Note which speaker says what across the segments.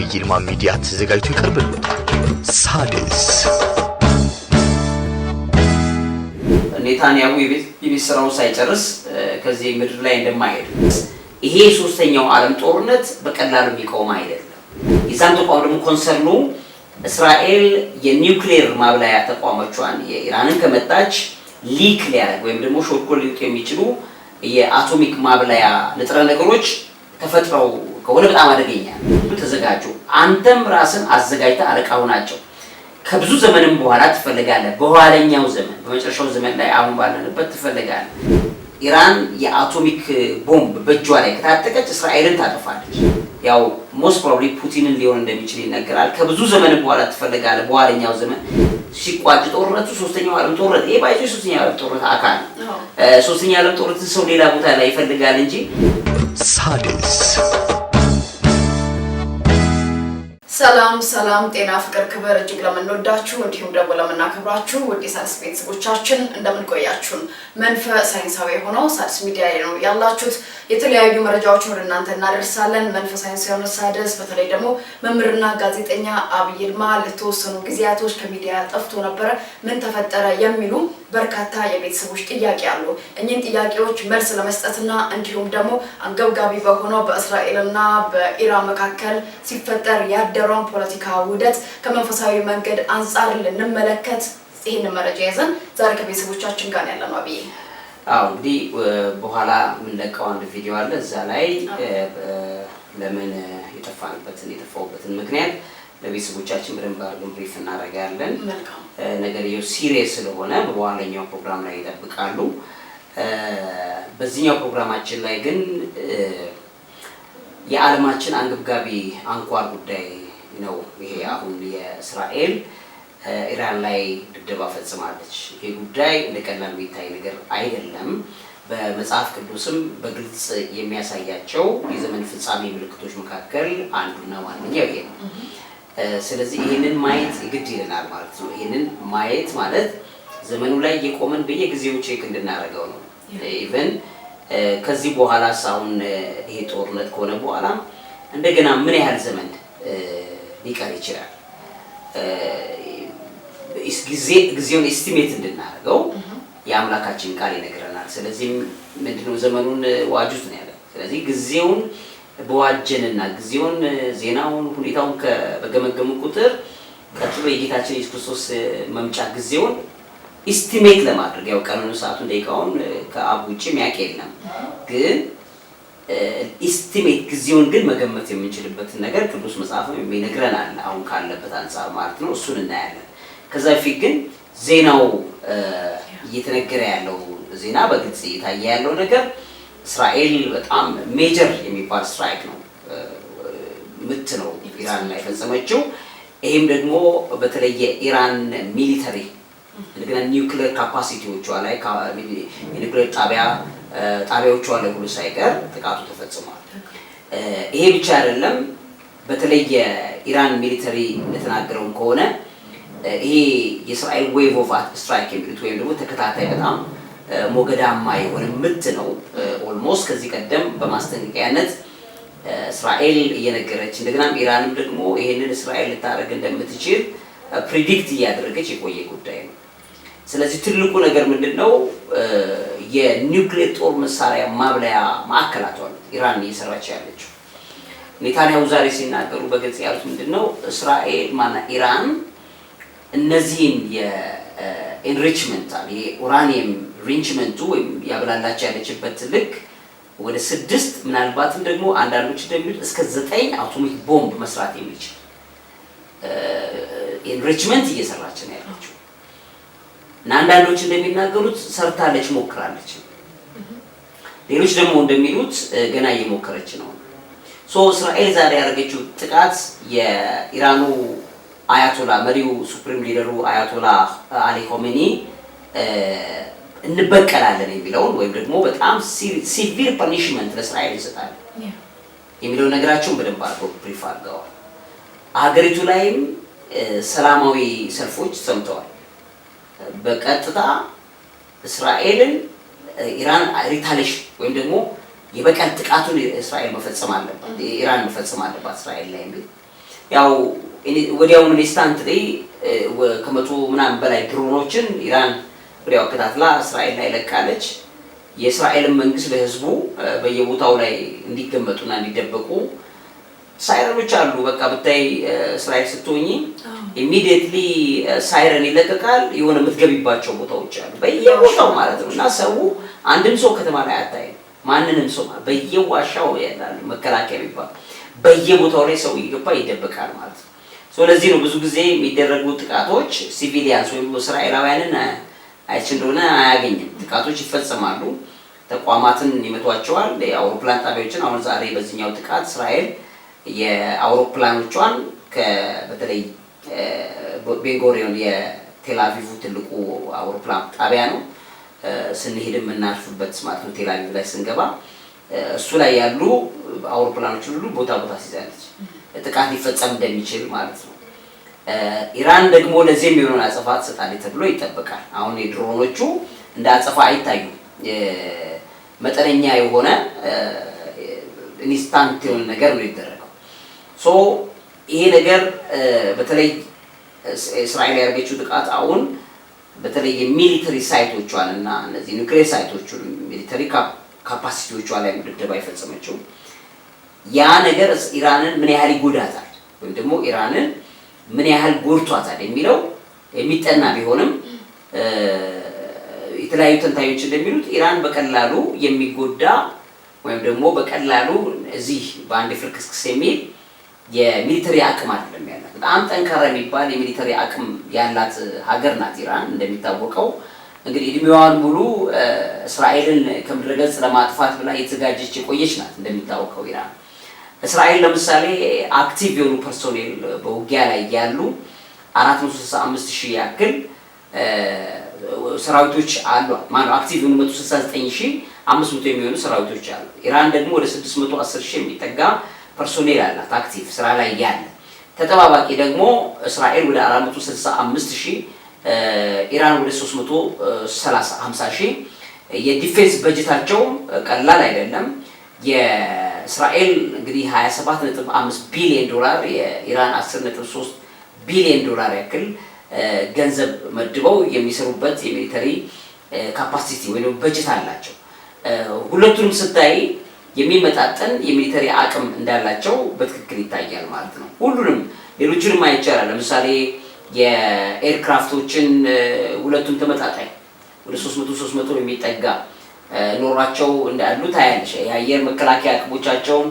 Speaker 1: በዐቢይ ይልማ ሚዲያ ተዘጋጅቶ ይቀርብልዎታል። ሣድስ ኔታንያሁ የቤት ስራውን ሳይጨርስ ከዚህ ምድር ላይ እንደማይሄድ ይሄ የሶስተኛው ዓለም ጦርነት በቀላሉ የሚቆም አይደለም። የዛም ተቋም ደግሞ ኮንሰርኑ እስራኤል የኒውክሌር ማብላያ ተቋሞቿን የኢራንን ከመጣች ሊክ ሊያደርግ ወይም ደግሞ ሾልኮ ሊውጥ የሚችሉ የአቶሚክ ማብላያ ንጥረ ነገሮች ተፈጥረው ከሆነ በጣም አደገኛ ተዘጋጁ። አንተም ራስን አዘጋጅተ አለቃው ናቸው። ከብዙ ዘመንም በኋላ ትፈልጋለህ። በኋለኛው ዘመን በመጨረሻው ዘመን ላይ አሁን ባለንበት ትፈልጋለህ። ኢራን የአቶሚክ ቦምብ በእጇ ላይ ከታጠቀች እስራኤልን ታጠፋለች። ያው ሞስት ፕሮባብሊ ፑቲንን ሊሆን እንደሚችል ይነገራል። ከብዙ ዘመን በኋላ ትፈልጋለህ። በኋለኛው ዘመን ሲቋጭ ጦርነቱ ሶስተኛው ዓለም ጦርነት ይሄ ባይዞ ሶስተኛ ዓለም ጦርነት አካል ሶስተኛው ዓለም ጦርነት ሰው ሌላ ቦታ ላይ ይፈልጋል እንጂ ሳድስ
Speaker 2: ሰላም ሰላም፣ ጤና፣ ፍቅር፣ ክብር እጅግ ለምንወዳችሁ እንዲሁም ደግሞ ለምናከብራችሁ ውድ የሣድስ ቤተሰቦቻችን እንደምንቆያችሁን መንፈስ ሳይንሳዊ የሆነው ሣድስ ሚዲያ ነው ያላችሁት። የተለያዩ መረጃዎችን ወደ እናንተ እናደርሳለን። መንፈስ ሳይንስ የሆነ ሣድስ በተለይ ደግሞ መምህርና ጋዜጠኛ አብይ ይልማ ለተወሰኑ ጊዜያቶች ከሚዲያ ጠፍቶ ነበረ። ምን ተፈጠረ የሚሉ በርካታ የቤተሰቦች ጥያቄ አሉ። እኚህን ጥያቄዎች መልስ ለመስጠትና እንዲሁም ደግሞ አንገብጋቢ በሆነው በእስራኤልና በኢራን መካከል ሲፈጠር ያደረውን ፖለቲካ ውህደት ከመንፈሳዊ መንገድ አንጻር ልንመለከት ይህንን መረጃ ይዘን ዛሬ ከቤተሰቦቻችን ጋር ያለ ነው። አብይ
Speaker 1: አዎ፣ እንግዲህ በኋላ የምንለቀው አንድ ቪዲዮ አለ። እዛ ላይ ለምን የጠፋንበትን የጠፋውበትን ምክንያት ለቤተሰቦቻችን በደንብ አድርገን ብሪፍ እናደርጋለን። ነገርየው ሲሪየስ ስለሆነ በኋለኛው ፕሮግራም ላይ ይጠብቃሉ። በዚህኛው ፕሮግራማችን ላይ ግን የዓለማችን አንገብጋቢ አንኳር ጉዳይ ነው። ይሄ አሁን የእስራኤል ኢራን ላይ ድብደባ ፈጽማለች። ይሄ ጉዳይ እንደ ቀላል የሚታይ ነገር አይደለም። በመጽሐፍ ቅዱስም በግልጽ የሚያሳያቸው የዘመን ፍጻሜ ምልክቶች መካከል አንዱና ዋነኛው ይሄ ነው። ስለዚህ ይህንን ማየት ግድ ይለናል ማለት ነው። ይህንን ማየት ማለት ዘመኑ ላይ የቆመን በየጊዜው ቼክ እንድናደርገው ነው። ኢቨን ከዚህ በኋላ ሳሁን ይሄ ጦርነት ከሆነ በኋላ እንደገና ምን ያህል ዘመን ሊቀር ይችላል ጊዜውን ኤስቲሜት እንድናደርገው የአምላካችን ቃል ይነግረናል። ስለዚህ ምንድነው ዘመኑን ዋጁት ነው ያለ። ስለዚህ ጊዜውን በዋጀንና ጊዜውን ዜናውን ሁኔታውን በገመገሙ ቁጥር ቀጥሎ የጌታችን ኢየሱስ ክርስቶስ መምጫ ጊዜውን ኢስቲሜት ለማድረግ ያው ቀኑን፣ ሰዓቱን፣ ደቂቃውን ከአብ ውጭ ሚያውቅ የለም። ግን ኢስቲሜት ጊዜውን ግን መገመት የምንችልበትን ነገር ቅዱስ መጽሐፍም ይነግረናል። አሁን ካለበት አንጻር ማለት ነው። እሱን እናያለን። ከዛ በፊት ግን ዜናው እየተነገረ ያለው ዜና በግልጽ እየታየ ያለው ነገር እስራኤል በጣም ሜጀር የሚባል ስትራይክ ነው ምት ነው ኢራን ላይ ፈጸመችው። ይህም ደግሞ በተለየ ኢራን ሚሊተሪ እንደገና ኒውክሌር ካፓሲቲዎቿ ላይ የኒውክሌር ጣቢያ ጣቢያዎቿ ላይ ሁሉ ሳይቀር ጥቃቱ ተፈጽሟል። ይሄ ብቻ አይደለም። በተለየ ኢራን ሚሊተሪ እንደተናገረውም ከሆነ ይሄ የእስራኤል ዌቭ ኦፍ ስትራይክ የሚሉት ወይም ደግሞ ተከታታይ በጣም ሞገዳማ የሆነ ምት ነው። ኦልሞስት ከዚህ ቀደም በማስጠንቀቂያነት እስራኤል እየነገረች እንደገና ኢራንም ደግሞ ይህንን እስራኤል ልታደርግ እንደምትችል ፕሪዲክት እያደረገች የቆየ ጉዳይ ነው። ስለዚህ ትልቁ ነገር ምንድን ነው? የኒውክሌር ጦር መሳሪያ ማብለያ ማዕከላቷ ኢራን እየሰራች ያለችው። ኔታንያሁ ዛሬ ሲናገሩ በግልጽ ያሉት ምንድን ነው? እስራኤል ማና ኢራን እነዚህን ኢንሪችመንት uh, አለ። የኡራኒየም ሪንችመንቱ ወይም ያብላላቸው ያለችበት ልክ ወደ ስድስት ምናልባትም ደግሞ አንዳንዶች እንደሚሉት እስከ ዘጠኝ አቶሚክ ቦምብ መስራት የሚችል ኢንሪችመንት uh, እየሰራች ነው ያለችው እና አንዳንዶች እንደሚናገሩት ሰርታለች፣ ሞክራለች። ሌሎች ደግሞ እንደሚሉት uh, ገና እየሞከረች ነው። ሶ እስራኤል ዛሬ ያደረገችው ጥቃት የኢራኑ አያቶላ መሪው ሱፕሪም ሊደሩ አያቶላ አሊ ኮሜኒ እንበቀላለን የሚለውን ወይም ደግሞ በጣም ሲቪር ፐኒሽመንት ለእስራኤል ይሰጣል የሚለውን ነገራቸውን በደንብ አድርገው ብሪፍ አድርገዋል። ሀገሪቱ ላይም ሰላማዊ ሰልፎች ሰምተዋል። በቀጥታ እስራኤልን ኢራን ሪታሌሽ ወይም ደግሞ የበቀል ጥቃቱን እስራኤል መፈጸም አለባት፣ ኢራን መፈጸም አለባት እስራኤል ላይ ያው ወዲያውኑ ኢንስታንት ላይ ከመቶ ምናምን በላይ ድሮኖችን ኢራን ወዲያው አከታትላ እስራኤል ላይ ለቃለች። የእስራኤልን መንግስት ለህዝቡ በየቦታው ላይ እንዲገመጡና እንዲደበቁ ሳይረኖች አሉ። በቃ ብታይ እስራኤል ስትሆኝ ኢሚዲየትሊ ሳይረን ይለቀቃል። የሆነ የምትገቢባቸው ቦታዎች አሉ፣ በየቦታው ማለት ነው። እና ሰው አንድም ሰው ከተማ ላይ አታይም፣ ማንንም ሰው በየዋሻው ያላል መከላከያ የሚባል በየቦታው ላይ ሰው ይገባ ይደበቃል ማለት ነው። ለዚህ ነው ብዙ ጊዜ የሚደረጉ ጥቃቶች ሲቪሊያንስ ወይም እስራኤላውያንን አይች እንደሆነ አያገኝም። ጥቃቶች ይፈጸማሉ፣ ተቋማትን ይመቷቸዋል፣ የአውሮፕላን ጣቢያዎችን። አሁን ዛሬ በዚህኛው ጥቃት እስራኤል የአውሮፕላኖቿን በተለይ ቤንጎሪዮን የቴላቪቭ ትልቁ አውሮፕላን ጣቢያ ነው ስንሄድ የምናርፍበት ማለት ነው። ቴላቪቭ ላይ ስንገባ እሱ ላይ ያሉ አውሮፕላኖች ሁሉ ቦታ ቦታ ሲዛለች ጥቃት ሊፈጸም እንደሚችል ማለት ነው። ኢራን ደግሞ ለዚህ የሚሆነውን አጸፋ ትሰጣለች ተብሎ ይጠበቃል። አሁን የድሮኖቹ እንደ አጸፋ አይታዩም። መጠነኛ የሆነ ኢንስታንት የሆነ ነገር ነው የሚደረገው። ሶ ይሄ ነገር በተለይ እስራኤል ያደረገችው ጥቃት አሁን በተለይ የሚሊተሪ ሳይቶቿን እና እነዚህ ኒውክሌር ሳይቶቹን ሚሊተሪ ካፓሲቲዎቿ ላይ ድብደባ የፈጸመችው ያ ነገር ኢራንን ምን ያህል ይጎዳታል ወይም ደግሞ ኢራንን ምን ያህል ጎድቷታል የሚለው የሚጠና ቢሆንም የተለያዩ ተንታኞች እንደሚሉት ኢራን በቀላሉ የሚጎዳ ወይም ደግሞ በቀላሉ እዚህ በአንድ ፍርክስክስ የሚል የሚሊተሪ አቅም አይደለም ያላት። በጣም ጠንካራ የሚባል የሚሊተሪ አቅም ያላት ሀገር ናት ኢራን። እንደሚታወቀው እንግዲህ እድሜዋን ሙሉ እስራኤልን ከምድረገጽ ለማጥፋት ብላ የተዘጋጀች የቆየች ናት እንደሚታወቀው ኢራን እስራኤል ለምሳሌ አክቲቭ የሆኑ ፐርሶኔል በውጊያ ላይ ያሉ አራት መቶ ስልሳ አምስት ሺህ ያክል ሰራዊቶች አሉ። ማነው አክቲቭ የሆኑ መቶ ስልሳ ዘጠኝ ሺህ አምስት መቶ የሚሆኑ ሰራዊቶች አሉ። ኢራን ደግሞ ወደ ስድስት መቶ አስር ሺህ የሚጠጋ ፐርሶኔል አላት አክቲቭ ስራ ላይ ያለ። ተጠባባቂ ደግሞ እስራኤል ወደ አራት መቶ ስልሳ አምስት ሺህ ኢራን ወደ ሶስት መቶ ሰላሳ ሀምሳ ሺህ የዲፌንስ በጀታቸው ቀላል አይደለም። እስራኤል እንግዲህ 27.5 ቢሊዮን ዶላር የኢራን 10.3 ቢሊዮን ዶላር ያክል ገንዘብ መድበው የሚሰሩበት የሚሊተሪ ካፓሲቲ ወይም በጀት አላቸው። ሁለቱንም ስታይ የሚመጣጠን የሚሊተሪ አቅም እንዳላቸው በትክክል ይታያል ማለት ነው። ሁሉንም ሌሎችን አይቻላል። ለምሳሌ የኤርክራፍቶችን ሁለቱን ተመጣጣኝ ወደ 300 300 የሚጠጋ ኖሯቸው እንዳሉ ታያለሽ። የአየር መከላከያ አቅሞቻቸውም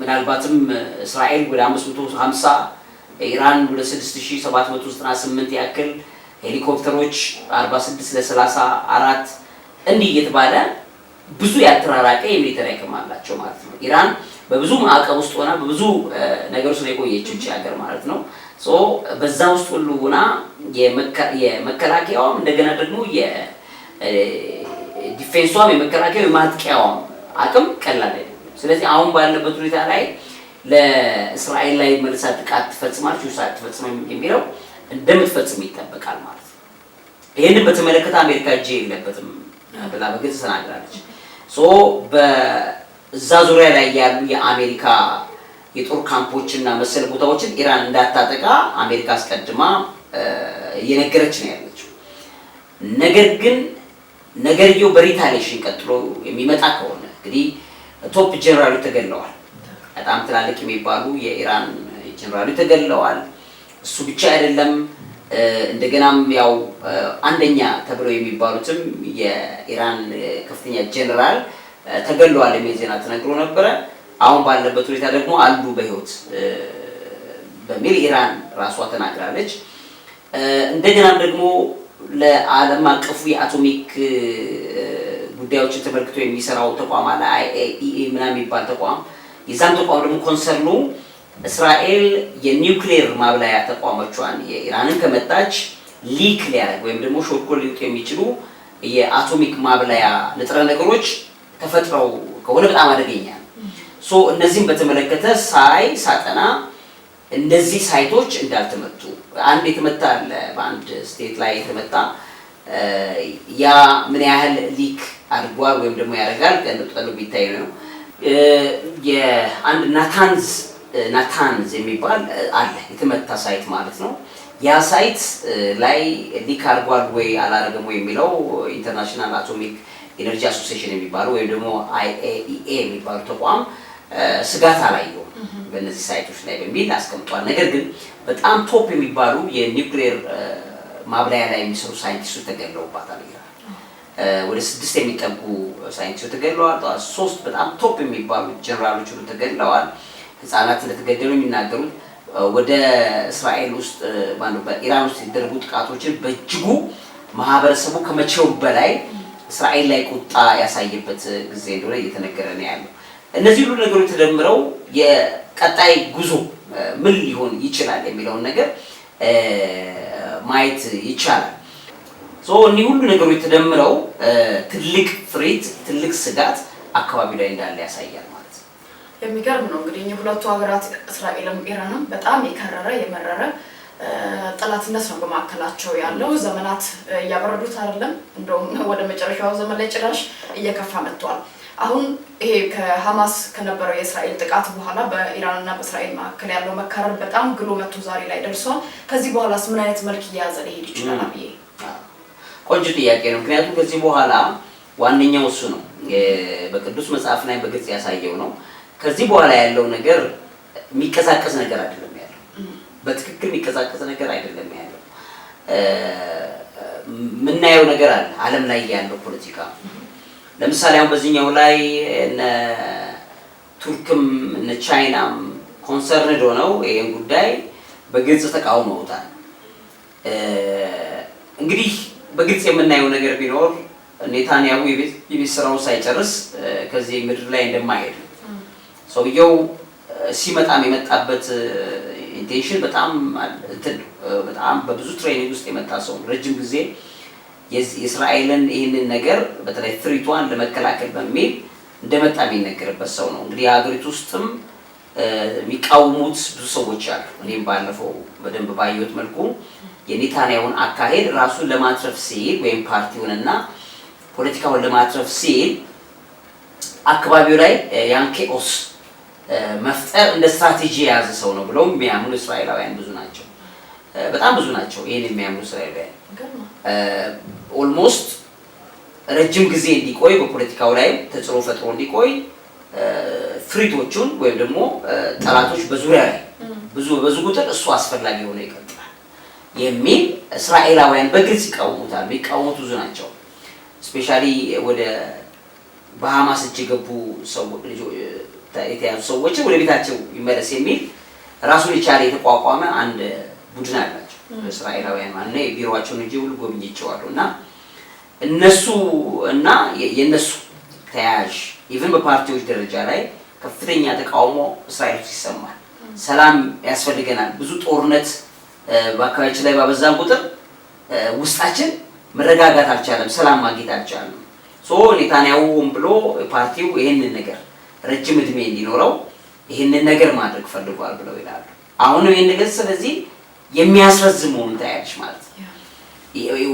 Speaker 1: ምናልባትም እስራኤል ወደ 550 ኢራን ወደ 6798 ያክል ሄሊኮፕተሮች 46 ለ34 እንዲህ እየተባለ ብዙ ያተራራቀ የሚሊተሪ አቅም አላቸው ማለት ነው። ኢራን በብዙ ማዕቀብ ውስጥ ሆና በብዙ ነገር ውስጥ የቆየች ሀገር ማለት ነው። በዛ ውስጥ ሁሉ ሆና የመከላከያውም እንደገና ደግሞ ዲፌንሷም የመከላከያ የማጥቂያዋም አቅም ቀላል አይደለም። ስለዚህ አሁን ባለበት ሁኔታ ላይ ለእስራኤል ላይ መልሳ ጥቃት ትፈጽማለች ወይስ አትፈጽምም የሚለው እንደምትፈጽም ይጠበቃል ማለት ነው። ይህንን በተመለከተ አሜሪካ እጅ የለበትም ብላ በግልጽ ተናግራለች። በዛ ዙሪያ ላይ ያሉ የአሜሪካ የጦር ካምፖችና መሰል ቦታዎችን ኢራን እንዳታጠቃ አሜሪካ አስቀድማ እየነገረች ነው ያለችው ነገር ግን ነገርየው በሪታሊሽን ቀጥሎ የሚመጣ ከሆነ እንግዲህ ቶፕ ጀነራሉ ተገለዋል። በጣም ትላልቅ የሚባሉ የኢራን ጀነራሉ ተገለዋል። እሱ ብቻ አይደለም። እንደገናም ያው አንደኛ ተብለው የሚባሉትም የኢራን ከፍተኛ ጀነራል ተገለዋል የሚል ዜና ተነግሮ ነበረ። አሁን ባለበት ሁኔታ ደግሞ አሉ በህይወት በሚል ኢራን ራሷ ተናግራለች። እንደገናም ደግሞ ለዓለም አቀፉ የአቶሚክ ጉዳዮችን ተመልክቶ የሚሰራው ተቋም አለ አይኤኢኤ ምናምን የሚባል ተቋም። የዛም ተቋም ደግሞ ኮንሰርኑ እስራኤል የኒውክሌር ማብላያ ተቋሞቿን የኢራንን ከመጣች ሊክ ሊያደርግ ወይም ደግሞ ሾልኮ ሊውጡ የሚችሉ የአቶሚክ ማብላያ ንጥረ ነገሮች ተፈጥረው ከሆነ በጣም አደገኛ ነው። እነዚህም በተመለከተ ሳይ ሳጠና እነዚህ ሳይቶች እንዳልተመቱ አንድ የተመታ አለ። በአንድ ስቴት ላይ የተመታ ያ ምን ያህል ሊክ አድርጓል ወይም ደግሞ ያደርጋል ቀንጡ ጠሉ የሚታይ ነው። የአንድ ናታንዝ ናታንዝ የሚባል አለ የተመታ ሳይት ማለት ነው። ያ ሳይት ላይ ሊክ አድርጓል ወይ አላረገም ወይ የሚለው ኢንተርናሽናል አቶሚክ ኤነርጂ አሶሲሽን የሚባለው ወይም ደግሞ አይኤኢኤ የሚባሉ ተቋም ስጋታ ላይ በእነዚህ ሳይቶች ላይ በሚል አስቀምጧል። ነገር ግን በጣም ቶፕ የሚባሉ የኒውክሌር ማብላያ ላይ የሚሰሩ ሳይንቲስቶች ተገድለውባታል። ወደ ስድስት የሚጠጉ ሳይንቲስቶች ተገድለዋል። ሶስት በጣም ቶፕ የሚባሉ ጀነራሎች ሁሉ ተገድለዋል። ህጻናት እንደተገደሉ የሚናገሩት ወደ እስራኤል ውስጥ በኢራን ውስጥ የተደረጉ ጥቃቶችን በእጅጉ ማህበረሰቡ ከመቼው በላይ እስራኤል ላይ ቁጣ ያሳየበት ጊዜ እንደሆነ እየተነገረ ነው ያለው። እነዚህ ሁሉ ነገሮች ተደምረው ቀጣይ ጉዞ ምን ሊሆን ይችላል የሚለውን ነገር ማየት ይቻላል። እኒህ ሁሉ ነገሮች ተደምረው ትልቅ ፍሬት፣ ትልቅ ስጋት አካባቢ ላይ እንዳለ ያሳያል ማለት ነው። የሚገርም ነው እንግዲህ የሁለቱ ሀገራት እስራኤልም ኢራንም በጣም የከረረ የመረረ ጠላትነት ነው በመካከላቸው ያለው። ዘመናት እያበረዱት አይደለም፣ እንደውም ወደ መጨረሻው ዘመን ላይ ጭራሽ እየከፋ መጥቷል። አሁን ይሄ ከሀማስ ከነበረው የእስራኤል ጥቃት በኋላ በኢራን እና በእስራኤል መካከል ያለው መካረር በጣም ግሎ መጥቶ ዛሬ ላይ ደርሷል። ከዚህ በኋላስ ምን አይነት መልክ እየያዘ ሊሄድ ይችላል? አብዬ ቆንጆ ጥያቄ ነው። ምክንያቱም ከዚህ በኋላ ዋነኛው እሱ ነው፣ በቅዱስ መጽሐፍ ላይ በግልጽ ያሳየው ነው። ከዚህ በኋላ ያለው ነገር የሚቀሳቀስ ነገር አይደለም ያለው፣ በትክክል የሚቀሳቀስ ነገር አይደለም ያለው። የምናየው ነገር አለ፣ አለም ላይ ያለው ፖለቲካ ለምሳሌ አሁን በዚህኛው ላይ እነ ቱርክም እነ ቻይናም ኮንሰርንድ ሆነው ይህን ጉዳይ በግልጽ ተቃውመውታል። እንግዲህ በግልጽ የምናየው ነገር ቢኖር ኔታንያሁ የቤት ስራው ሳይጨርስ ከዚህ ምድር ላይ እንደማይሄድ ሰውየው ሲመጣም የመጣበት ኢንቴንሽን በጣም በጣም በብዙ ትሬኒንግ ውስጥ የመጣ ሰው ረጅም ጊዜ የእስራኤልን ይህንን ነገር በተለይ ትሪቷን ለመከላከል በሚል እንደመጣ የሚነገርበት ሰው ነው። እንግዲህ የሀገሪቱ ውስጥም የሚቃወሙት ብዙ ሰዎች አሉ። እኔም ባለፈው በደንብ ባየሁት መልኩ የኔታንያሁን አካሄድ ራሱን ለማትረፍ ሲል ወይም ፓርቲውንና ፖለቲካውን ለማትረፍ ሲል አካባቢው ላይ ያን ኬኦስ መፍጠር እንደ ስትራቴጂ የያዘ ሰው ነው ብለው የሚያምኑ እስራኤላውያን ብዙ ናቸው። በጣም ብዙ ናቸው ይህን የሚያምኑ እስራኤላውያን ኦልሞስት ረጅም ጊዜ እንዲቆይ በፖለቲካው ላይ ተጽዕኖ ፈጥሮ እንዲቆይ ፍሪቶቹን ወይም ደግሞ ጠላቶች በዙሪያ ላይ ብዙ በብዙ ቁጥር እሱ አስፈላጊ የሆነ ይቀጥላል የሚል እስራኤላውያን በግልጽ ይቃወሙታል። የሚቃወሙት ብዙ ናቸው። ስፔሻሊ ወደ ባሃማስ እጅ የገቡ የተያዙ ሰዎች ወደ ቤታቸው ይመለስ የሚል ራሱን የቻለ የተቋቋመ አንድ ቡድን አላቸው እስራኤላውያን ማለት ነው። የቢሮዋቸውን እንጂ ሁሉ እና እነሱ እና የእነሱ ተያያዥ ኢቨን በፓርቲዎች ደረጃ ላይ ከፍተኛ ተቃውሞ እስራኤል ይሰማል። ሰላም ያስፈልገናል። ብዙ ጦርነት በአካባቢያችን ላይ ባበዛን ቁጥር ውስጣችን መረጋጋት አልቻለም፣ ሰላም ማግኘት አልቻለም። ሶ ኔታንያሁም ብሎ ፓርቲው ይህንን ነገር ረጅም እድሜ እንዲኖረው ይህንን ነገር ማድረግ ፈልጓል ብለው ይላሉ። አሁንም ይህን ነገር ስለዚህ የሚያስረዝመውን ታያለች ማለት ነው።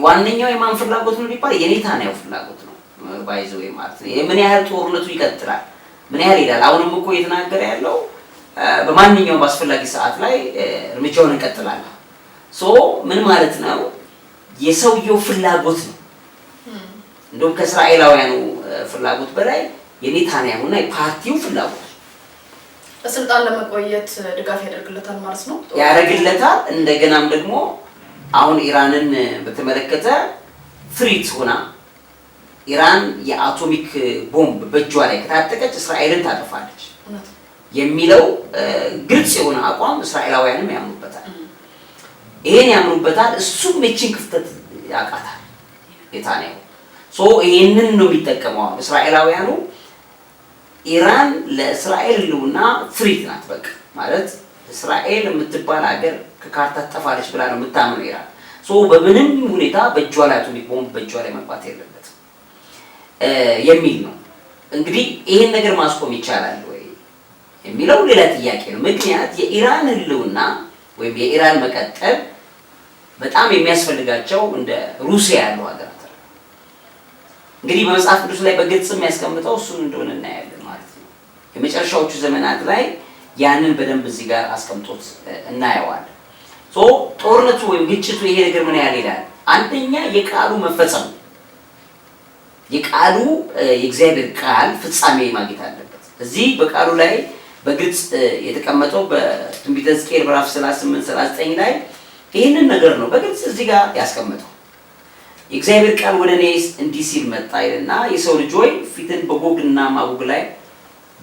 Speaker 1: ዋነኛው የማን ፍላጎት ነው ቢባል የኔታንያሁ ፍላጎት ነው። ወይ ማለት ምን ያህል ጦርነቱ ይቀጥላል፣ ምን ያህል ይላል። አሁንም እኮ እየተናገረ ያለው በማንኛውም አስፈላጊ ሰዓት ላይ እርምጃውን እንቀጥላለን። ሶ ምን ማለት ነው? የሰውየው ፍላጎት ነው። እንደውም ከእስራኤላውያኑ ፍላጎት በላይ የኔታንያሁና የፓርቲው ፍላጎት ስልጣን ለመቆየት ድጋፍ ያደርግለታል ማለት ነው፣ ያደርግለታል እንደገናም ደግሞ አሁን ኢራንን በተመለከተ ፍሪት ሆና ኢራን የአቶሚክ ቦምብ በእጇ ላይ ከታጠቀች እስራኤልን ታጠፋለች የሚለው ግልጽ የሆነ አቋም እስራኤላውያንም ያምኑበታል። ይሄን ያምኑበታል። እሱም የችን ክፍተት ያውቃታል ኔታንያሁ። ይህንን ነው የሚጠቀመው እስራኤላውያኑ። ኢራን ለእስራኤል ህልውና ፍሪት ናት። በቃ ማለት እስራኤል የምትባል ሀገር ከካርታ ትጠፋለች ብላ ነው የምታምነው ይላል። በምንም ሁኔታ በእጇ ላይ አቶሚክ ቦምብ በእጇ ላይ መግባት የለበትም የሚል ነው። እንግዲህ ይህን ነገር ማስቆም ይቻላል ወይ የሚለው ሌላ ጥያቄ ነው። ምክንያት የኢራን ህልውና ወይም የኢራን መቀጠል በጣም የሚያስፈልጋቸው እንደ ሩሲያ ያለው ሀገራት እንግዲህ በመጽሐፍ ቅዱስ ላይ በግልጽ የሚያስቀምጠው እሱን እንደሆነ እናያለን ማለት ነው። የመጨረሻዎቹ ዘመናት ላይ ያንን በደንብ እዚህ ጋር አስቀምጦት እናየዋለን። ጦርነቱ ወይም ግጭቱ ይሄ ነገር ምን ያህል ይላል? አንደኛ የቃሉ መፈጸም የቃሉ የእግዚአብሔር ቃል ፍጻሜ ማግኘት አለበት። እዚህ በቃሉ ላይ በግልጽ የተቀመጠው በትንቢተ ሕዝቅኤል ምዕራፍ 38 39 ላይ ይህንን ነገር ነው በግልጽ እዚህ ጋር ያስቀመጠው። የእግዚአብሔር ቃል ወደ እኔ እንዲህ ሲል መጣ ይልና የሰው ልጅ ሆይ ፊትን በጎግና ማጎግ ላይ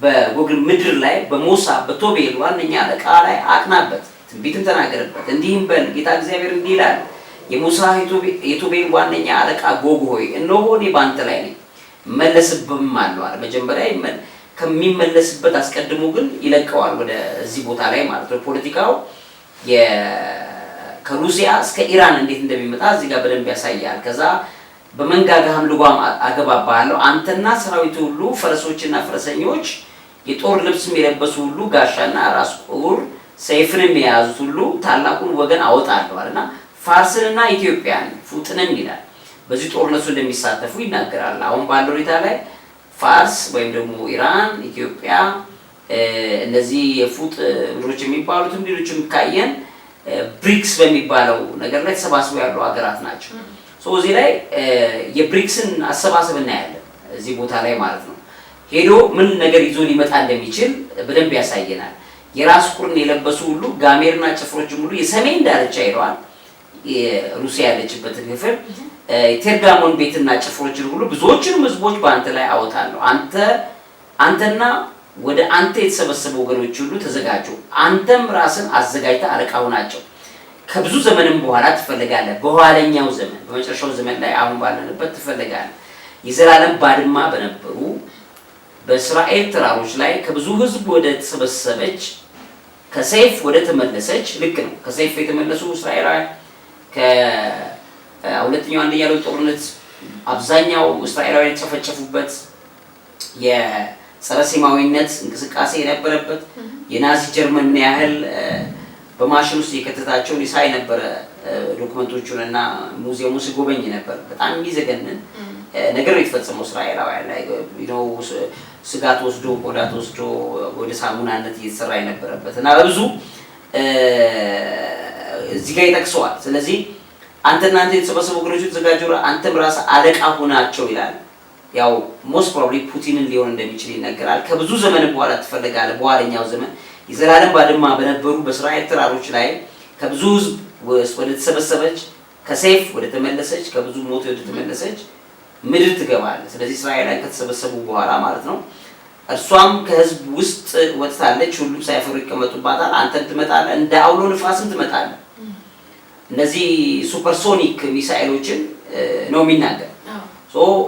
Speaker 1: በጎግን ምድር ላይ በሞሳ በቶቤል ዋነኛ አለቃ ላይ አቅናበት ትንቢትም ተናገረበት። እንዲህም በል ጌታ እግዚአብሔር እንዲህ ይላል የሙሳ የቱቤን ዋነኛ አለቃ ጎግ ሆይ እነሆ እኔ በአንተ ላይ ነኝ መለስብም አለው አለ። መጀመሪያ ከሚመለስበት አስቀድሞ ግን ይለቀዋል ወደዚህ ቦታ ላይ ማለት ነው። ፖለቲካው ከሩሲያ እስከ ኢራን እንዴት እንደሚመጣ እዚህ ጋር በደንብ ያሳያል። ከዛ በመንጋጋህም ልጓም አገባባሃለሁ አንተና ሰራዊቱ ሁሉ ፈረሶችና ፈረሰኞች የጦር ልብስም የለበሱ ሁሉ ጋሻና ራስ ቁር ሰይፍንም የያዙት ሁሉ ታላቁን ወገን አወጣለሁ አለና ፋርስንና ኢትዮጵያን ፉጥንን ይላል። በዚህ ጦርነቱ እንደሚሳተፉ ይናገራል። አሁን ባለው ሁኔታ ላይ ፋርስ ወይም ደግሞ ኢራን፣ ኢትዮጵያ እነዚህ የፉጥ ብሮች የሚባሉትም ሌሎችም ካየን ብሪክስ በሚባለው ነገር ላይ ተሰባስበው ያሉ ሀገራት ናቸው። እዚህ ላይ የብሪክስን አሰባሰብ እናያለን እዚህ ቦታ ላይ ማለት ነው። ሄዶ ምን ነገር ይዞ ሊመጣ እንደሚችል በደንብ ያሳየናል። የራስ ቁርን የለበሱ ሁሉ ጋሜርና ጭፍሮች ሙሉ የሰሜን ዳርቻ ሄደዋል። ሩሲያ ያለችበትን ክፍል የቴርጋሞን ቤትና ጭፍሮችን ሁሉ ብዙዎችንም ህዝቦች በአንተ ላይ አወጣለሁ። አንተ አንተና ወደ አንተ የተሰበሰቡ ወገኖች ሁሉ ተዘጋጁ። አንተም ራስን አዘጋጅተ አለቃው ናቸው ከብዙ ዘመንም በኋላ ትፈልጋለህ። በኋለኛው ዘመን በመጨረሻው ዘመን ላይ አሁን ባለንበት ትፈልጋለህ። የዘላለም ባድማ በነበሩ በእስራኤል ተራሮች ላይ ከብዙ ህዝብ ወደ ተሰበሰበች ከሰይፍ ወደ ተመለሰች ልክ ነው። ከሰይፍ የተመለሱ እስራኤላውያን ከሁለተኛው አንደኛ ያለው ጦርነት አብዛኛው እስራኤላውያን የተጨፈጨፉበት የጸረ ሴማዊነት እንቅስቃሴ የነበረበት የናዚ ጀርመን ምን ያህል በማሽን ውስጥ የከተታቸውን ይሳይ ነበረ ዶክመንቶቹን እና ሙዚየሙ ስጎበኝ ነበር። በጣም የሚዘገንን ነገር የተፈጸመው እስራኤላውያን ላይ ነው። ስጋ ወስዶ ቆዳ ተወስዶ ወደ ሳሙናነት እየተሰራ የነበረበት እና በብዙ እዚህ ጋር ይጠቅሰዋል። ስለዚህ አንተ እናንተ የተሰበሰቡ ወገኖች የተዘጋጀ አንተም ራስ አለቃ ሆናቸው ይላል። ያው ሞስት ፕሮባብሊ ፑቲንን ሊሆን እንደሚችል ይነገራል። ከብዙ ዘመን በኋላ ትፈልጋለህ። በኋለኛው ዘመን የዘላለም ባድማ በነበሩ በእስራኤል ተራሮች ላይ ከብዙ ህዝብ ወደ ተሰበሰበች ከሰይፍ ወደ ተመለሰች ከብዙ ሞት ወደ ተመለሰች ምድር ትገባለህ። ስለዚህ እስራኤል ላይ ከተሰበሰቡ በኋላ ማለት ነው። እርሷም ከህዝብ ውስጥ ወጥታለች፣ ሁሉም ሳይፈሩ ይቀመጡባታል። አንተን ትመጣለህ፣ እንደ አውሎ ንፋስም ትመጣለህ። እነዚህ ሱፐርሶኒክ ሚሳኤሎችን ነው የሚናገር።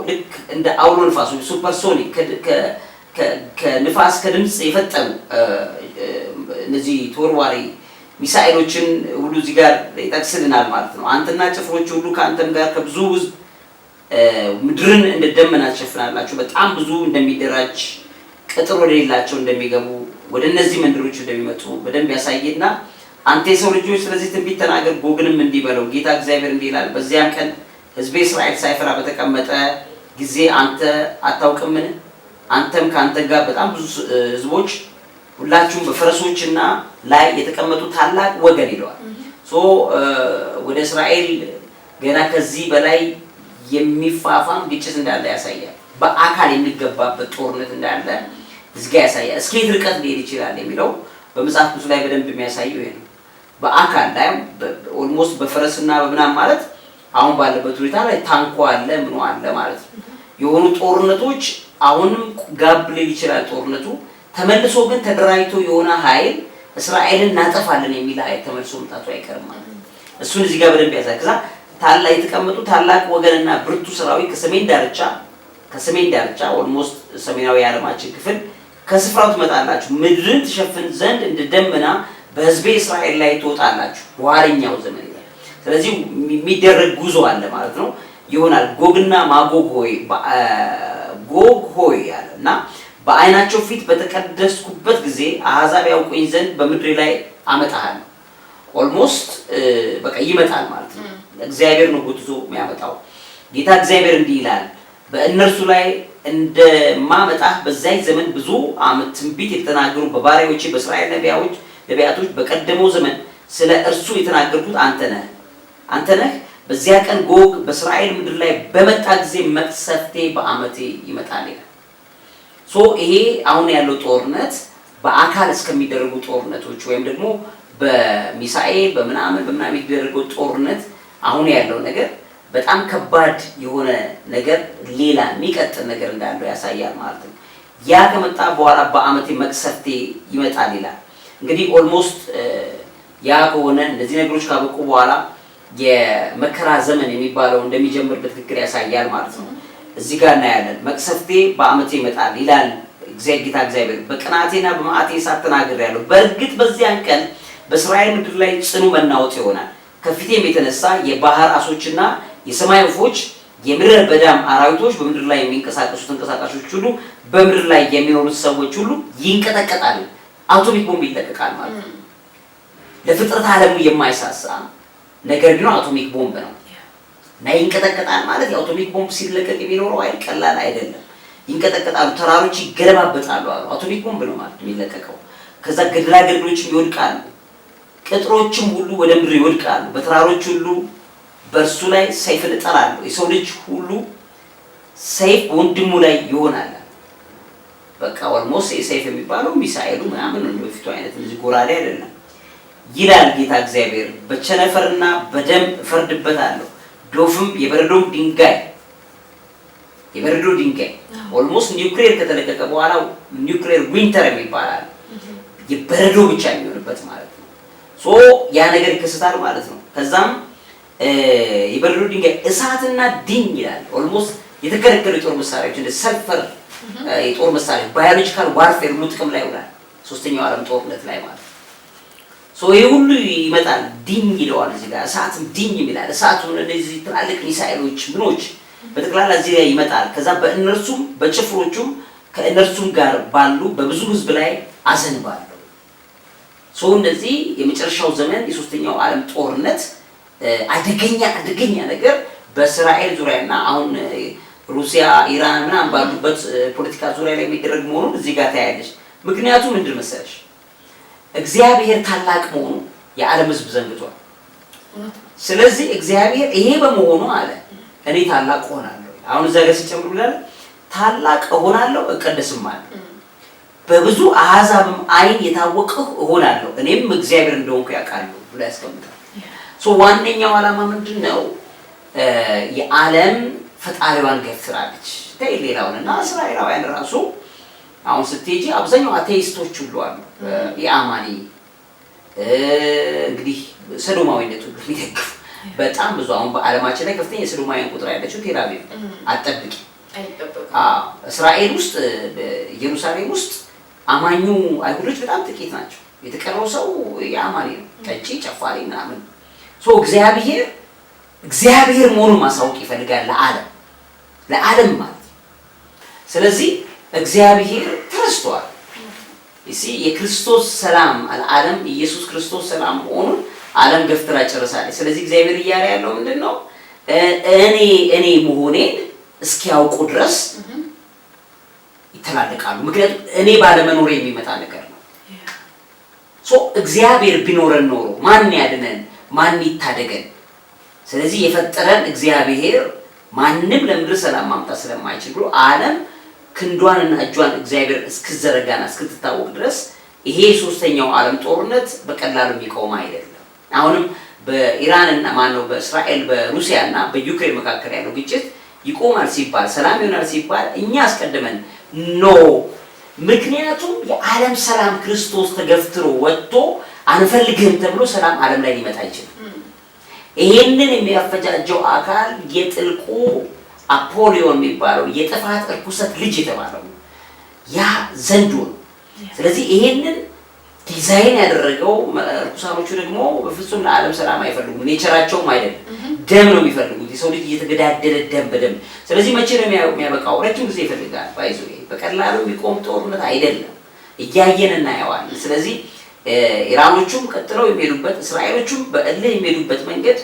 Speaker 1: ልክ እንደ አውሎ ንፋስ ወይም ሱፐርሶኒክ ከንፋስ ከድምፅ የፈጠኑ እነዚህ ተወርዋሪ ሚሳኤሎችን ሁሉ እዚህ ጋር ይጠቅስልናል ማለት ነው። አንተና ጭፍሮች ሁሉ ከአንተም ጋር ከብዙ ህዝብ ምድርን እንደ ደመና ትሸፍናላችሁ። በጣም ብዙ እንደሚደራጅ ቅጥር ወደሌላቸው እንደሚገቡ ወደ እነዚህ መንደሮች እንደሚመጡ በደንብ ያሳየና አንተ የሰው ልጆች ስለዚህ ትንቢት ተናገር፣ ጎግንም እንዲበለው ጌታ እግዚአብሔር እንዲህ ይላል፣ በዚያም ቀን ሕዝቤ እስራኤል ሳይፈራ በተቀመጠ ጊዜ አንተ አታውቅምን? አንተም ከአንተ ጋር በጣም ብዙ ሕዝቦች ሁላችሁም በፈረሶችና ላይ የተቀመጡ ታላቅ ወገን ይለዋል። ወደ እስራኤል ገና ከዚህ በላይ የሚፋፋም ግጭት እንዳለ ያሳያል። በአካል የሚገባበት ጦርነት እንዳለ እዚጋ ያሳያል። እስከየት ርቀት ሊሄድ ይችላል የሚለው በመጽሐፍ ቅዱስ ላይ በደንብ የሚያሳየው ይሄ ነው። በአካል ላይ ኦልሞስት በፈረስና በምናም ማለት አሁን ባለበት ሁኔታ ላይ ታንኮ አለ ምኖ አለ ማለት ነው። የሆኑ ጦርነቶች አሁንም ጋብ ሊል ይችላል ጦርነቱ ተመልሶ ግን ተደራጅቶ የሆነ ኃይል እስራኤልን እናጠፋለን የሚል ኃይል ተመልሶ መምጣቱ አይቀርም ማለት ነው። እሱን እዚህ ጋር በደንብ ያዛ ከዛ ታላ የተቀመጡ ታላቅ ወገንና ብርቱ ሰራዊት ከሰሜን ዳርቻ ከሰሜን ዳርቻ ኦልሞስት ሰሜናዊ የዓለማችን ክፍል ከስፍራው ትመጣላችሁ፣ ምድርን ትሸፍን ዘንድ እንደ ደመና በህዝቤ እስራኤል ላይ ትወጣላችሁ። በኋለኛው ዘመን ላይ ስለዚህ የሚደረግ ጉዞ አለ ማለት ነው ይሆናል። ጎግና ማጎግ ሆይ ጎግ ሆይ ያለ እና በአይናቸው ፊት በተቀደስኩበት ጊዜ አሕዛብ ያውቁኝ ዘንድ በምድሬ ላይ አመጣሃል። ኦልሞስት በቃ ይመጣል ማለት ነው። እግዚአብሔር ነው ጎትቶ የሚያመጣው። ጌታ እግዚአብሔር እንዲህ ይላል፣ በእነርሱ ላይ እንደማመጣ በዛይ ዘመን ብዙ ዓመት ትንቢት የተናገሩ በባሪያዎች በእስራኤል ነቢያዎች ነቢያቶች በቀደመው ዘመን ስለ እርሱ የተናገርኩት አንተ ነህ አንተ ነህ። በዚያ ቀን ጎግ በእስራኤል ምድር ላይ በመጣ ጊዜ መቅሰፍቴ በዓመቴ ይመጣል ይላል። ሶ ይሄ አሁን ያለው ጦርነት በአካል እስከሚደረጉ ጦርነቶች ወይም ደግሞ በሚሳኤል በምናምን በምናምን የሚደረገው ጦርነት አሁን ያለው ነገር በጣም ከባድ የሆነ ነገር ሌላ የሚቀጥል ነገር እንዳለው ያሳያል ማለት ነው። ያ ከመጣ በኋላ በአመቴ መቅሰፍቴ ይመጣል ይላል። እንግዲህ ኦልሞስት ያ ከሆነ እነዚህ ነገሮች ካበቁ በኋላ የመከራ ዘመን የሚባለው እንደሚጀምር በትክክል ያሳያል ማለት ነው። እዚህ ጋር እናያለን። መቅሰፍቴ በአመቴ ይመጣል ይላል ጌታ እግዚአብሔር። በቅናቴና በማዕቴ ሳትናገር ያለው በእርግጥ በዚያን ቀን በእስራኤል ምድር ላይ ጽኑ መናወጥ ይሆናል። ከፊቴም የተነሳ የባህር አሶችና የሰማይ ወፎች የምድረ በዳም አራዊቶች በምድር ላይ የሚንቀሳቀሱ ተንቀሳቃሾች ሁሉ በምድር ላይ የሚኖሩት ሰዎች ሁሉ ይንቀጠቀጣሉ። አቶሚክ ቦምብ ይለቀቃል ማለት ነው። ለፍጥረት ዓለሙ የማይሳሳ ነገር ግን አቶሚክ ቦምብ ነው እና ይንቀጠቀጣል ማለት የአቶሚክ ቦምብ ሲለቀቅ የሚኖረው ኃይል ቀላል አይደለም። ይንቀጠቀጣሉ፣ ተራሮች ይገለባበጣሉ አሉ። አቶሚክ ቦምብ ነው ማለት የሚለቀቀው። ከዛ ገድላ ገድሎችም ይወድቃሉ። ቅጥሮችም ሁሉ ወደ ምድር ይወድቃሉ፣ በተራሮች ሁሉ በእርሱ ላይ ሰይፍን እጠራለሁ። የሰው ልጅ ሁሉ ሰይፍ በወንድሙ ላይ ይሆናል። በቃ ኦልሞስት ሰይፍ የሚባለው ሚሳኤሉ ምናምን ነው። በፊቱ አይነት ልጅ ጎራዴ አይደለም ይላል ጌታ እግዚአብሔር። በቸነፈርና በደም እፈርድበታለሁ፣ ዶፍም የበረዶ ድንጋይ የበረዶ ድንጋይ ኦልሞስት ኒውክሌር ከተለቀቀ በኋላ ኒውክሌር ዊንተር የሚባላል የበረዶ ብቻ የሚሆንበት ማለት ሶ ያ ነገር ይከሰታል ማለት ነው። ከዛም የበረዶ ድንጋይ እሳትና ድኝ ይላል። ኦልሞስት የተከለከሉ የጦር መሳሪያዎች እንደ ሰልፈር የጦር መሳሪያ ባዮሎጂካል ዋርፌር ሁሉ ጥቅም ላይ ይውላል። ሶስተኛው ዓለም ጦርነት ላይ ማለት ነው። ይህ ሁሉ ይመጣል። ድኝ ይለዋል እዚህ ጋር እሳትም ድኝ ይላል። ሆነ እነዚህ ትላልቅ ሚሳኤሎች ምኖች በጠቅላላ እዚህ ላይ ይመጣል። ከዛ በእነርሱም በጭፍሮቹም ከእነርሱም ጋር ባሉ በብዙ ህዝብ ላይ አዘንባል። ሰው እንደዚህ የመጨረሻው ዘመን የሶስተኛው ዓለም ጦርነት አደገኛ አደገኛ ነገር በእስራኤል ዙሪያና አሁን ሩሲያ ኢራን ምናምን ባሉበት ፖለቲካ ዙሪያ ላይ የሚደረግ መሆኑን እዚህ ጋር ታያለች። ምክንያቱ ምንድን መሰለሽ? እግዚአብሔር ታላቅ መሆኑ የዓለም ሕዝብ ዘንግቷል። ስለዚህ እግዚአብሔር ይሄ በመሆኑ አለ እኔ ታላቅ እሆናለሁ። አሁን እዛ ጋር ሲጨምሩ ታላቅ እሆናለሁ እቀደስም አለ በብዙ አሕዛብም ዓይን የታወቅሁ እሆናለሁ እኔም እግዚአብሔር እንደሆንኩ ያውቃሉ ብሎ ያስቀምጣል። ዋነኛው ዓላማ ምንድን ነው? የዓለም ፈጣሪዋን ገፍትራለች። ተይ ሌላውን እና እስራኤላውያን ራሱ አሁን ስትሄጂ አብዛኛው አቴይስቶች ሁሉ አሉ። የአማኒ እንግዲህ ሰዶማዊነት ሁሉ በጣም ብዙ አሁን በዓለማችን ላይ ከፍተኛ የሰዶማውያን ቁጥር ያለችው ቴል አጠብቂ እስራኤል ውስጥ ኢየሩሳሌም ውስጥ አማኙ አይሁዶች በጣም ጥቂት ናቸው። የተቀረው ሰው የአማኒ ነው፣ ጠጪ፣ ጨፋሪ ምናምን። እግዚአብሔር እግዚአብሔር መሆኑን ማሳወቅ ይፈልጋል ለዓለም ለዓለም ማለት ስለዚህ እግዚአብሔር ተረስተዋል። የክርስቶስ ሰላም ለዓለም ኢየሱስ ክርስቶስ ሰላም መሆኑን ዓለም ገፍትራ ጨርሳለች። ስለዚህ እግዚአብሔር እያለ ያለው ምንድን ነው? እኔ እኔ መሆኔን እስኪያውቁ ድረስ ይተላለቃሉ። ምክንያቱም እኔ ባለመኖር የሚመጣ ነገር ነው። ሶ እግዚአብሔር ቢኖረን ኖሮ ማን ያድነን? ማን ይታደገን? ስለዚህ የፈጠረን እግዚአብሔር ማንም ለምድር ሰላም ማምጣት ስለማይችል ብሎ ዓለም ክንዷንና እጇን እግዚአብሔር እስክዘረጋና እስክትታወቅ ድረስ ይሄ ሶስተኛው ዓለም ጦርነት በቀላሉ የሚቆም አይደለም። አሁንም በኢራንና ማነው በእስራኤል በሩሲያና በዩክሬን መካከል ያለው ግጭት ይቆማል ሲባል ሰላም ይሆናል ሲባል እኛ አስቀድመን ኖ። ምክንያቱም የዓለም ሰላም ክርስቶስ ተገፍትሮ ወጥቶ አንፈልግህም ተብሎ ሰላም ዓለም ላይ ሊመጣ አይችልም። ይህንን የሚያፈጃጀው አካል የጥልቁ አፖሊዮን የሚባለው የጥፋት እርኩሰት ልጅ የተባለው ያ ዘንዶ ነው። ስለዚህ ይሄንን ዲዛይን ያደረገው እርኩሳኖቹ ደግሞ በፍጹም ለዓለም ሰላም አይፈልጉም። ኔቸራቸውም አይደለም፣ ደም ነው የሚፈልጉት። የሰው ልጅ እየተገዳደለ ደም በደም ስለዚህ መቼ ነው የሚያበቃው? ረጅም ጊዜ ይፈልጋል ባይዞ በቀላሉ የሚቆም ጦርነት አይደለም፣ እያየን እናየዋለን። ስለዚህ ኢራኖቹም ቀጥለው የሚሄዱበት እስራኤሎቹም በእልህ የሚሄዱበት መንገድ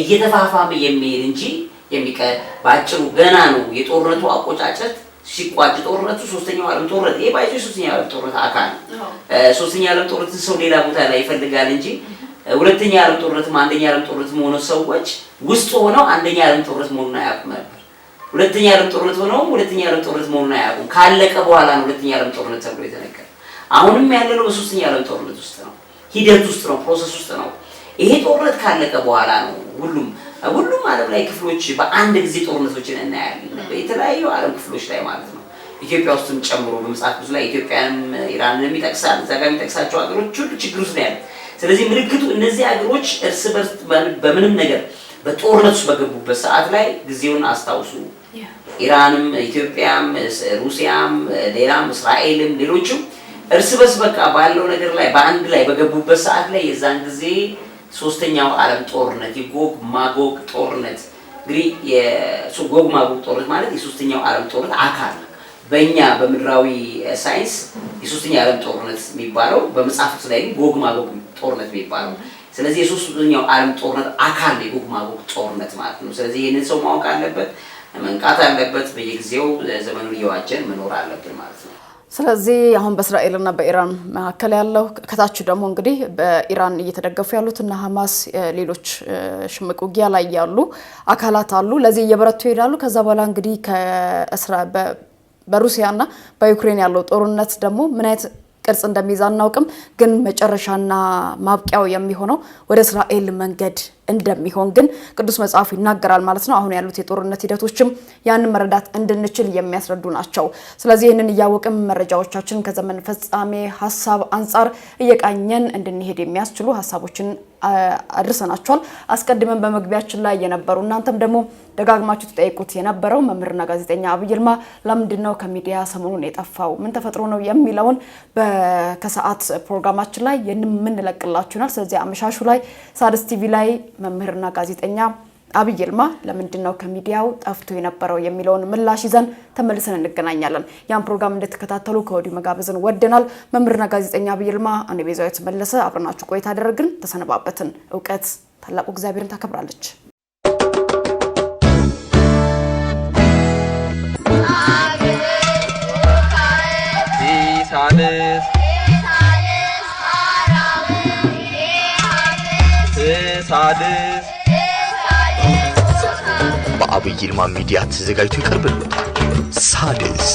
Speaker 1: እየተፋፋመ የሚሄድ እንጂ የሚቀ በአጭሩ ገና ነው። የጦርነቱ አቆጫጨት ሲቋጭ ጦርነቱ ሶስተኛው ዓለም ጦርነት ይሄ ባይዞ ሶስተኛው ዓለም ጦርነት አካል ሶስተኛው ዓለም ጦርነት ሰው ሌላ ቦታ ላይ ይፈልጋል እንጂ ሁለተኛ ዓለም ጦርነት አንደኛ ዓለም ጦርነት መሆኑ ሰዎች ውስጥ ሆነው አንደኛ ዓለም ጦርነት መሆኑን አያውቁም ነበር። ሁለተኛ ዓለም ጦርነት ሆነው ሁለተኛ ዓለም ጦርነት መሆኑን አያውቁም። ካለቀ በኋላ ነው ሁለተኛ ዓለም ጦርነት ተብሎ የተነገረ። አሁንም ያለነው በሶስተኛ ዓለም ጦርነት ውስጥ ነው፣ ሂደት ውስጥ ነው፣ ፕሮሰስ ውስጥ ነው። ይሄ ጦርነት ካለቀ በኋላ ነው ሁሉም ሁሉም ዓለም ላይ ክፍሎች በአንድ ጊዜ ጦርነቶችን እናያለን፣ የተለያዩ ዓለም ክፍሎች ላይ ማለት ነው። ኢትዮጵያ ውስጥም ጨምሮ በመጽሐፍ ብዙ ላይ ኢትዮጵያንም ኢራንንም ይጠቅሳል። እዛ ጋር የሚጠቅሳቸው ሀገሮች ሁሉ ችግር ውስጥ ነው ያለ። ስለዚህ ምልክቱ እነዚህ ሀገሮች እርስ በርስ በምንም ነገር በጦርነት ውስጥ በገቡበት ሰዓት ላይ ጊዜውን አስታውሱ። ኢራንም፣ ኢትዮጵያም፣ ሩሲያም፣ ሌላም እስራኤልም፣ ሌሎችም እርስ በስ በቃ ባለው ነገር ላይ በአንድ ላይ በገቡበት ሰዓት ላይ የዛን ጊዜ ሶስተኛው ዓለም ጦርነት የጎግ ማጎግ ጦርነት እንግዲህ የጎግ ማጎግ ጦርነት ማለት የሶስተኛው ዓለም ጦርነት አካል ነው። በእኛ በምድራዊ ሳይንስ የሶስተኛ ዓለም ጦርነት የሚባለው በመጽሐፍት ላይ ጎግ ማጎግ ጦርነት የሚባለው ስለዚህ የሶስተኛው ዓለም ጦርነት አካል ነው የጎግ ማጎግ ጦርነት ማለት ነው። ስለዚህ ይህንን ሰው ማወቅ አለበት። መንቃት አለበት። በየጊዜው ዘመኑን እየዋጀን መኖር አለብን ማለት ነው። ስለዚህ አሁን በእስራኤልና በኢራን መካከል ያለው ከታች ደግሞ እንግዲህ በኢራን እየተደገፉ ያሉት እና ሀማስ ሌሎች ሽምቅ ውጊያ ላይ ያሉ አካላት አሉ። ለዚህ እየበረቱ ይሄዳሉ። ከዛ በኋላ እንግዲህ በሩሲያና በዩክሬን ያለው ጦርነት ደግሞ ምን አይነት ቅርጽ እንደሚይዝ አናውቅም። ግን መጨረሻና ማብቂያው የሚሆነው ወደ እስራኤል መንገድ እንደሚሆን ግን ቅዱስ መጽሐፉ ይናገራል ማለት ነው። አሁን ያሉት የጦርነት ሂደቶችም ያንን መረዳት እንድንችል የሚያስረዱ ናቸው። ስለዚህ ይህንን እያወቅን መረጃዎቻችን ከዘመን ፍጻሜ ሀሳብ አንጻር እየቃኘን እንድንሄድ የሚያስችሉ ሀሳቦችን አድርሰናቸዋል። አስቀድመን በመግቢያችን ላይ የነበሩ እናንተም ደግሞ ደጋግማችሁ ተጠይቁት የነበረው መምህርና ጋዜጠኛ አብይ ይልማ ለምንድን ነው ከሚዲያ ሰሞኑን የጠፋው? ምን ተፈጥሮ ነው የሚለውን ከሰዓት ፕሮግራማችን ላይ የምንለቅላችሁናል። ስለዚህ አመሻሹ ላይ ሣድስ ቲቪ ላይ መምህርና ጋዜጠኛ አብይ ይልማ ለምንድን ነው ከሚዲያው ጠፍቶ የነበረው የሚለውን ምላሽ ይዘን ተመልሰን እንገናኛለን። ያን ፕሮግራም እንድትከታተሉ ከወዲሁ መጋበዝን ወደናል። መምህርና ጋዜጠኛ አብይ ይልማ፣ እኔ ቤዛዊት መለሰ አብረናችሁ ቆይታ አደረግን፣ ተሰነባበትን። እውቀት ታላቁ እግዚአብሔርን ታከብራለች። ሳንስ ሳድስ በአብይ ይልማ ሚዲያ ተዘጋጅቶ ይቀርብልዎታል። ሳድስ